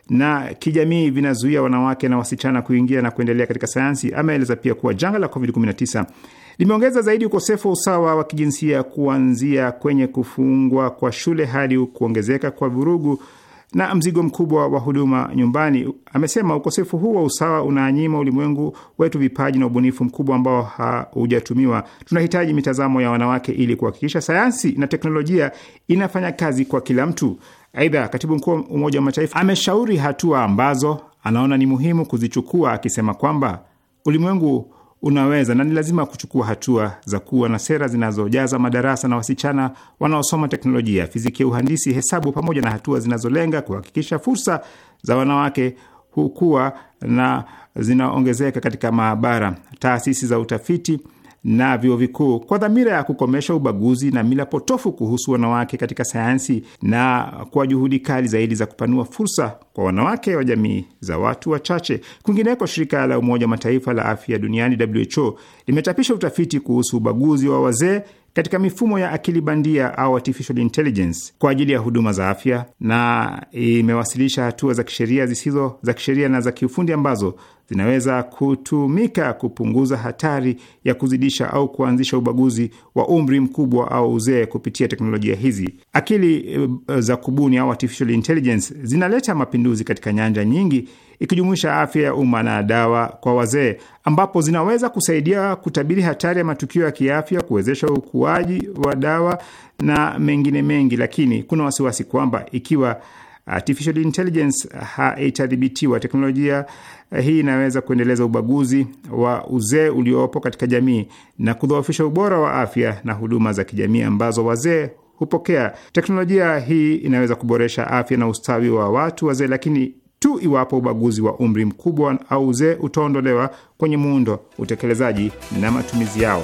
na kijamii vinazuia wanawake na wasichana kuingia na kuendelea katika sayansi. Ameeleza pia kuwa janga la COVID-19 limeongeza zaidi ukosefu wa usawa wa kijinsia, kuanzia kwenye kufungwa kwa shule hadi kuongezeka kwa vurugu na mzigo mkubwa wa huduma nyumbani. Amesema ukosefu huu wa usawa unaanyima ulimwengu wetu vipaji na ubunifu mkubwa ambao haujatumiwa. Tunahitaji mitazamo ya wanawake ili kuhakikisha sayansi na teknolojia inafanya kazi kwa kila mtu. Aidha, katibu mkuu wa Umoja wa Mataifa ameshauri hatua ambazo anaona ni muhimu kuzichukua, akisema kwamba ulimwengu unaweza na ni lazima kuchukua hatua za kuwa na sera zinazojaza madarasa na wasichana wanaosoma teknolojia, fizikia, uhandisi, hesabu, pamoja na hatua zinazolenga kuhakikisha fursa za wanawake hukua na zinaongezeka katika maabara, taasisi za utafiti na vyuo vikuu kwa dhamira ya kukomesha ubaguzi na mila potofu kuhusu wanawake katika sayansi na kwa juhudi kali zaidi za kupanua fursa kwa wanawake wa jamii za watu wachache. Kwingineko, shirika la Umoja wa Mataifa la afya duniani WHO limechapisha utafiti kuhusu ubaguzi wa wazee katika mifumo ya akili bandia au artificial intelligence kwa ajili ya huduma za afya, na imewasilisha hatua za kisheria, zisizo za kisheria na za kiufundi ambazo zinaweza kutumika kupunguza hatari ya kuzidisha au kuanzisha ubaguzi wa umri mkubwa au uzee kupitia teknolojia hizi. Akili eh, za kubuni au artificial intelligence zinaleta mapinduzi katika nyanja nyingi ikijumuisha afya ya umma na dawa kwa wazee, ambapo zinaweza kusaidia kutabiri hatari ya matukio ya kiafya, kuwezesha ukuaji wa dawa na mengine mengi. Lakini kuna wasiwasi kwamba ikiwa artificial intelligence haitadhibitiwa, teknolojia eh, hii inaweza kuendeleza ubaguzi wa uzee uliopo katika jamii na kudhoofisha ubora wa afya na huduma za kijamii ambazo wazee hupokea. Teknolojia hii inaweza kuboresha afya na ustawi wa watu wazee, lakini tu iwapo ubaguzi wa umri mkubwa au uzee utaondolewa kwenye muundo, utekelezaji na matumizi yao.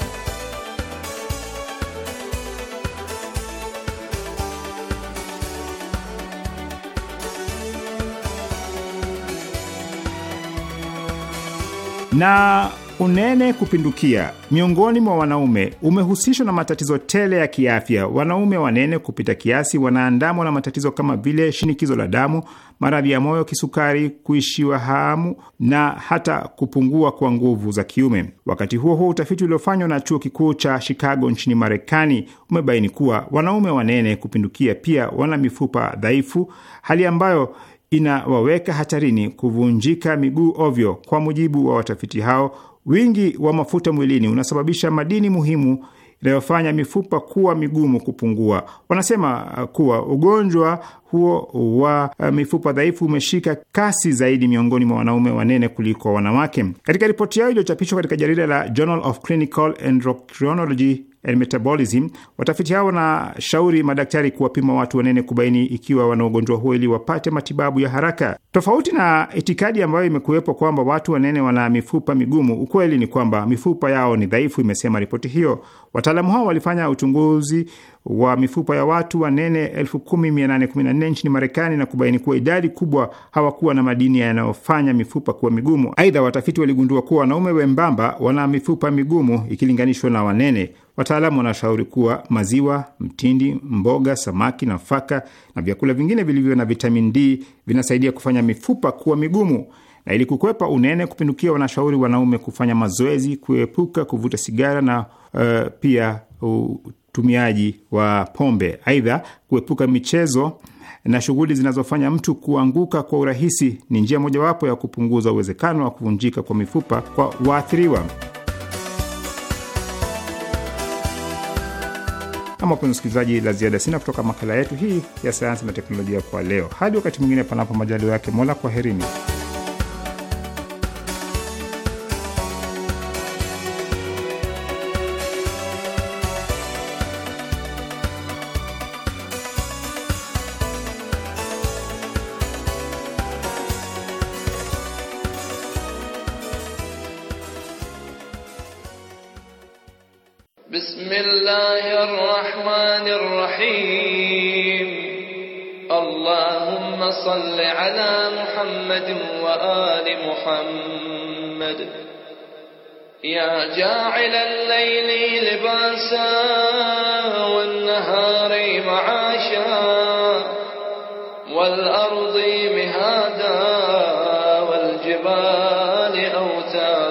na unene kupindukia miongoni mwa wanaume umehusishwa na matatizo tele ya kiafya. Wanaume wanene kupita kiasi wanaandamwa na matatizo kama vile shinikizo la damu, maradhi ya moyo, kisukari, kuishiwa hamu na hata kupungua kwa nguvu za kiume. Wakati huo huo, utafiti uliofanywa na chuo kikuu cha Chicago nchini Marekani umebaini kuwa wanaume wanene kupindukia pia wana mifupa dhaifu, hali ambayo inawaweka hatarini kuvunjika miguu ovyo. Kwa mujibu wa watafiti hao Wingi wa mafuta mwilini unasababisha madini muhimu inayofanya mifupa kuwa migumu kupungua. Wanasema uh, kuwa ugonjwa huo wa uh, mifupa dhaifu umeshika kasi zaidi miongoni mwa wanaume wanene kuliko wanawake. Katika ripoti yao iliyochapishwa katika jarida la Journal of Clinical Endocrinology and Metabolism. Watafiti hao wanashauri madaktari kuwapima watu wanene kubaini ikiwa wana ugonjwa huo ili wapate matibabu ya haraka. Tofauti na itikadi ambayo imekuwepo kwamba watu wanene wana mifupa migumu, ukweli ni kwamba mifupa yao ni dhaifu, imesema ripoti hiyo. Wataalamu hao walifanya uchunguzi wa mifupa ya watu wanene 10814 nchini Marekani na kubaini kuwa idadi kubwa hawakuwa na madini yanayofanya mifupa kuwa migumu. Aidha, watafiti waligundua kuwa wanaume wembamba wana mifupa migumu ikilinganishwa na wanene. Wataalamu wanashauri kuwa maziwa, mtindi, mboga, samaki, nafaka na vyakula vingine vilivyo na vitamin D vinasaidia kufanya mifupa kuwa migumu. Na ili kukwepa unene kupindukia, wanashauri wanaume kufanya mazoezi, kuepuka kuvuta sigara na uh, pia utumiaji wa pombe. Aidha, kuepuka michezo na shughuli zinazofanya mtu kuanguka kwa urahisi ni njia mojawapo ya kupunguza uwezekano wa kuvunjika kwa mifupa kwa waathiriwa. Ama kuna usikilizaji la ziada sina kutoka makala yetu hii ya sayansi na teknolojia kwa leo. Hadi wakati mwingine, panapo majaliwa yake Mola, kwaherini. بسم الله الرحمن الرحيم اللهم صل على محمد وآل محمد يا جاعل الليل لباسا والنهار معاشا والأرض مهادا والجبال أوتادا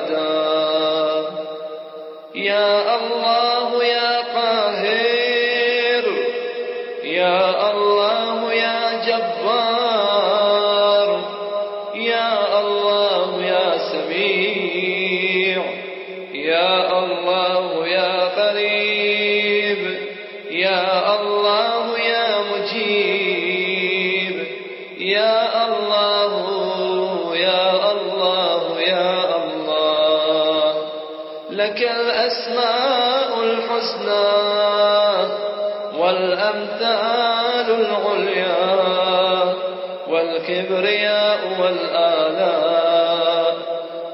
الكبرياء والآلاء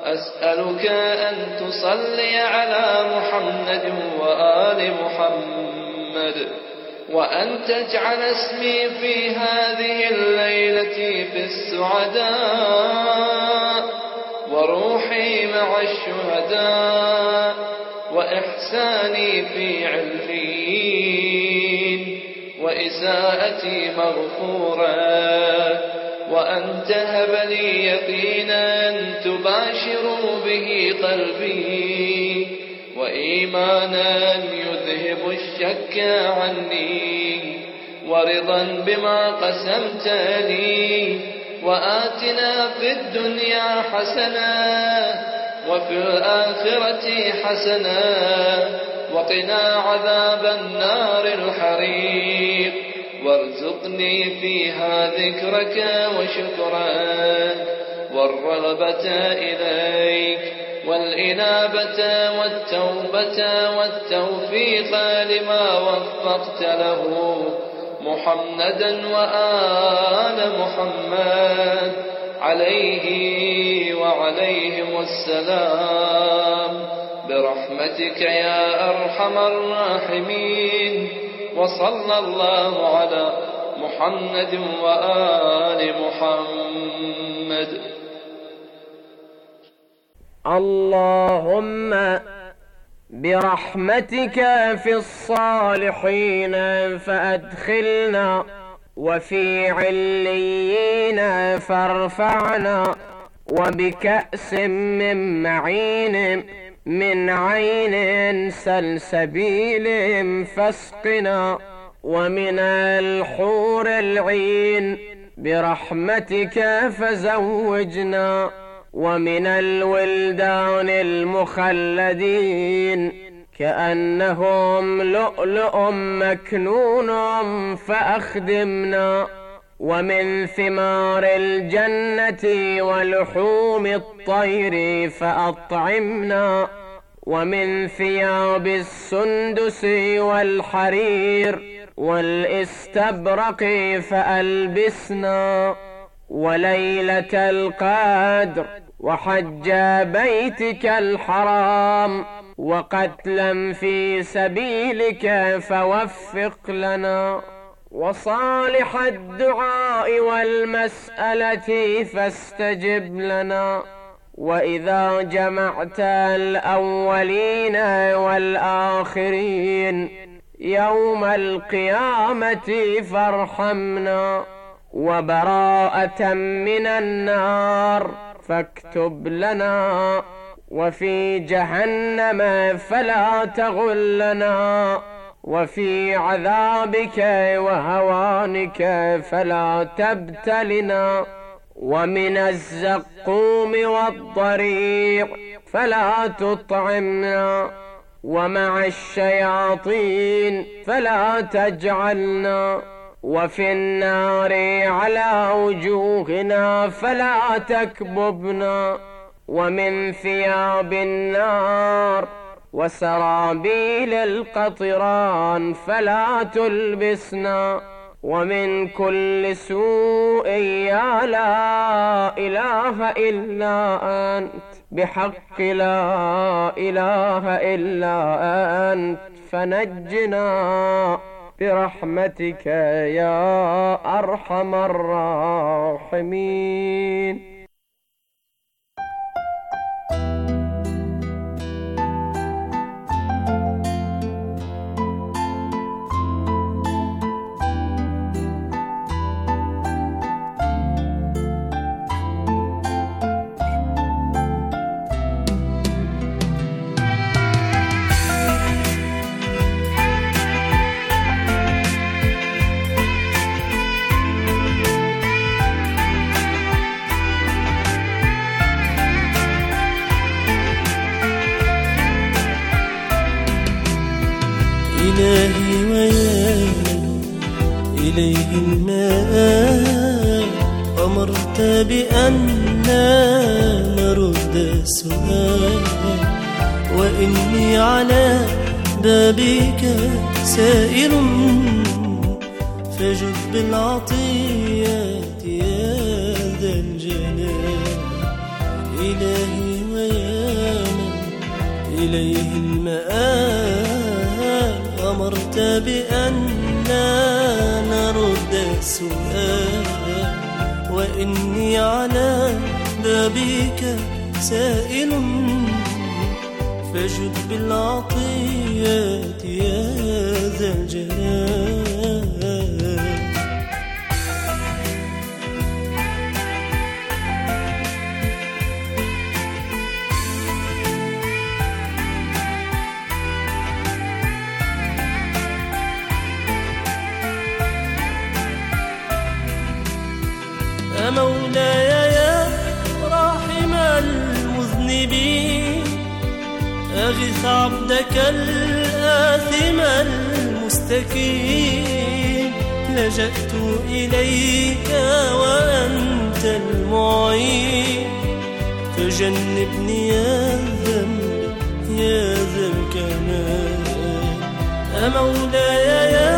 أسألك أن تصلي على محمد وآل محمد وأن تجعل اسمي في هذه الليلة في السعداء وروحي مع الشهداء وإحساني في علمين وإساءتي مغفورا وأن تهب لي يقينا تباشر به قلبي وإيمانا يذهب الشك عني ورضا بما قسمت لي وآتنا في الدنيا حسناً وفي الآخرة حسنا وقنا عذاب النار الحريق وارزقني فيها ذكرك وشكرك والرغبة إليك والإنابة والتوبة والتوفيق لما وفقت له محمدا وآل محمد عليه وعليهم السلام برحمتك يا أرحم الراحمين وصلى الله على محمد وآل محمد اللهم برحمتك في الصالحين فأدخلنا وفي عليين فارفعنا وبكأس من معين من عين سلسبيل فاسقنا ومن الحور العين برحمتك فزوجنا ومن الولدان المخلدين كأنهم لؤلؤ مكنون فأخدمنا ومن ثمار الجنة ولحوم الطير فأطعمنا ومن ثياب السندس والحرير والاستبرق فألبسنا وليلة القدر وحج بيتك الحرام وقتلا في سبيلك فوفق لنا وصالح الدعاء والمسألة فاستجب لنا وإذا جمعت الأولين والآخرين يوم القيامة فارحمنا وبراءة من النار فاكتب لنا وفي جهنم فلا تغلنا وفي عذابك وهوانك فلا تبتلنا ومن الزقوم والضريع فلا تطعمنا ومع الشياطين فلا تجعلنا وفي النار على وجوهنا فلا تكببنا ومن ثياب النار وسرابيل القطران فلا تلبسنا ومن كل سوء يا لا إله إلا أنت بحق لا إله إلا أنت فنجنا برحمتك يا أرحم الراحمين بأننا نرد السؤال وإني على بابك سائر فجد بالعطيات يا ذا الجلال إلهي ويا من إليه المآل أمرت بأن إني على بابك سائل فجد بالعطية لك الآثم المستكين لجأت إليك وأنت المعين فجنبني يا ذنب يا ذا الكمال أمولاي يا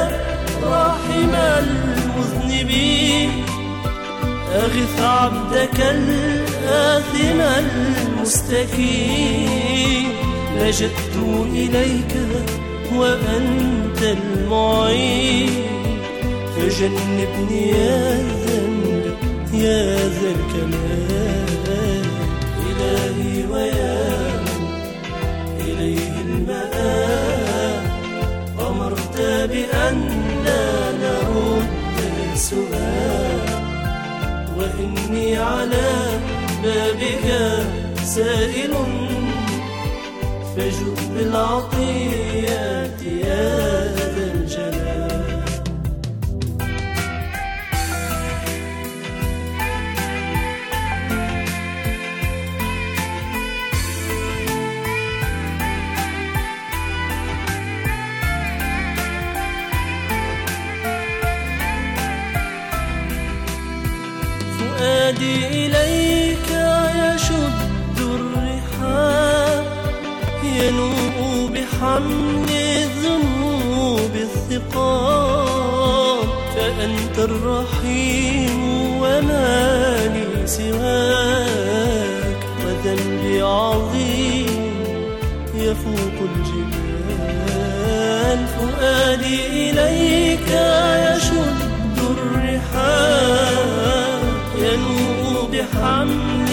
راحم المذنبين أغث عبدك الآثم المستكين لجأت إليك وأنت المعين فجنبني يا ذنب يا ذا الكمال إلهي ويا إليه المآب أمرت بأن لا نرد السؤال وإني على بابك سائل فجد بالعطيات يا حمل الذنوب الثقال فأنت الرحيم وما لي سواك وذنبي عظيم يفوق الجبال فؤادي إليك يشد الرحال ينوء بحمل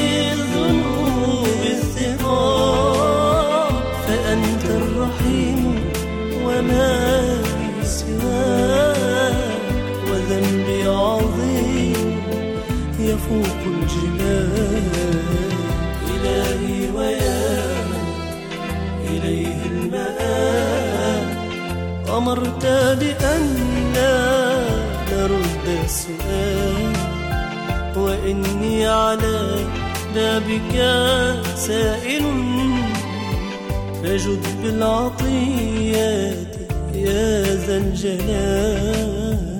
حقوق الجنان إلهي ويا من إليه المآب أمرت بأن لا نرد السؤال وإني على بابك سائل فجد بالعطيات يا ذا الجلال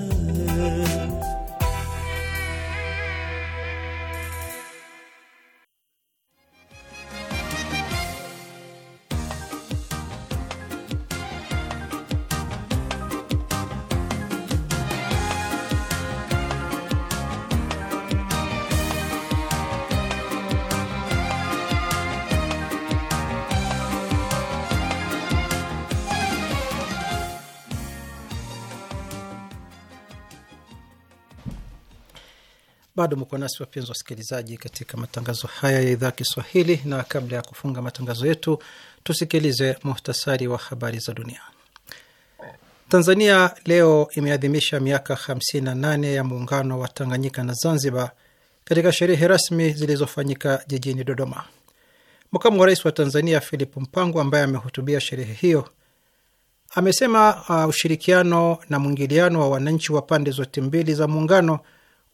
Bado mko nasi wapenzi wasikilizaji, katika matangazo haya ya idhaa Kiswahili, na kabla ya kufunga matangazo yetu, tusikilize muhtasari wa habari za dunia. Tanzania leo imeadhimisha miaka 58 ya muungano wa Tanganyika na Zanzibar katika sherehe rasmi zilizofanyika jijini Dodoma. Makamu wa rais wa Tanzania Philip Mpango, ambaye amehutubia sherehe hiyo, amesema uh, ushirikiano na mwingiliano wa wananchi wa pande zote mbili za muungano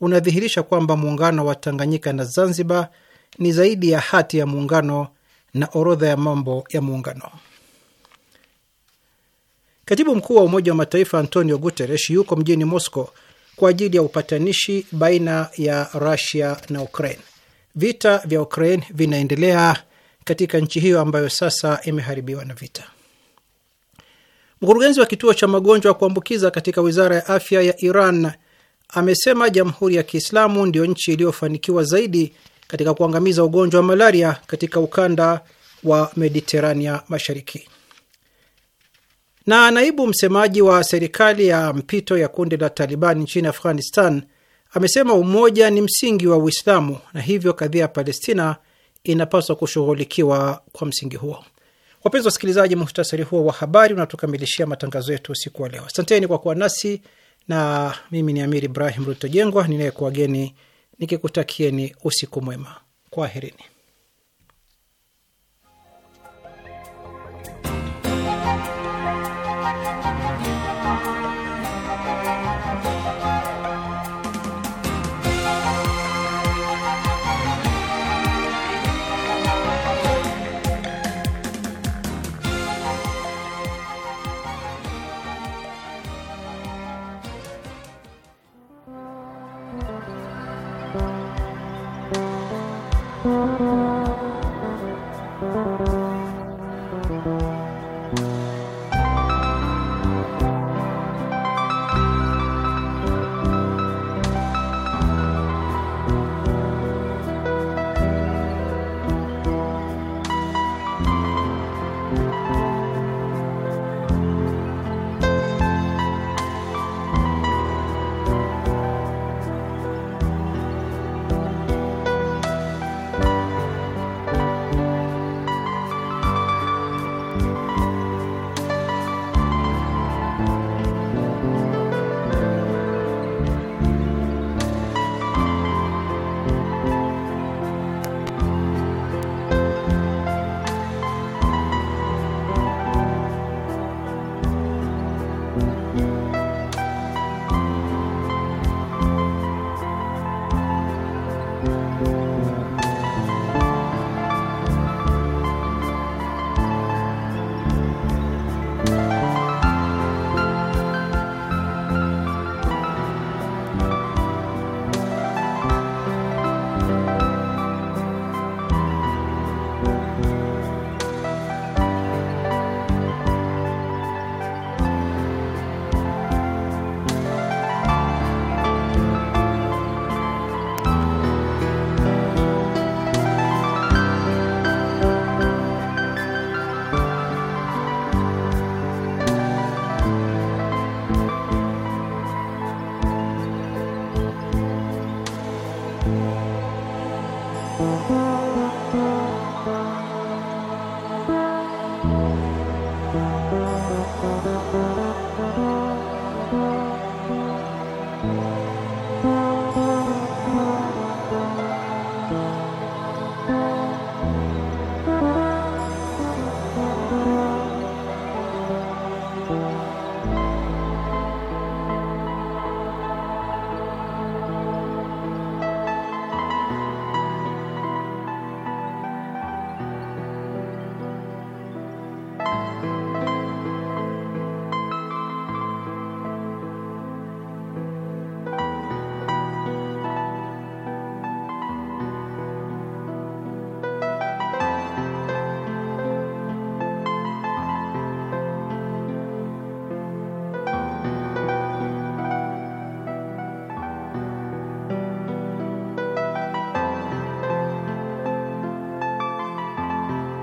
unadhihirisha kwamba muungano wa Tanganyika na Zanzibar ni zaidi ya hati ya muungano na orodha ya mambo ya muungano. Katibu mkuu wa Umoja wa Mataifa Antonio Guterres yuko mjini Moscow kwa ajili ya upatanishi baina ya Rusia na Ukraine. Vita vya Ukraine vinaendelea katika nchi hiyo ambayo sasa imeharibiwa na vita. Mkurugenzi wa kituo cha magonjwa ya kuambukiza katika wizara ya afya ya Iran amesema Jamhuri ya Kiislamu ndiyo nchi iliyofanikiwa zaidi katika kuangamiza ugonjwa wa malaria katika ukanda wa Mediterania Mashariki. Na naibu msemaji wa serikali ya mpito ya kundi la Taliban nchini Afghanistan amesema umoja ni msingi wa Uislamu na hivyo kadhia ya Palestina inapaswa kushughulikiwa kwa msingi huo. Wapenzi wasikilizaji, muhtasari huo wa habari unatukamilishia matangazo yetu usiku wa leo. Asanteni kwa kuwa nasi na mimi ni Amiri Ibrahim Rutojengwa ninayekuwageni nikikutakieni usiku mwema, kwaherini.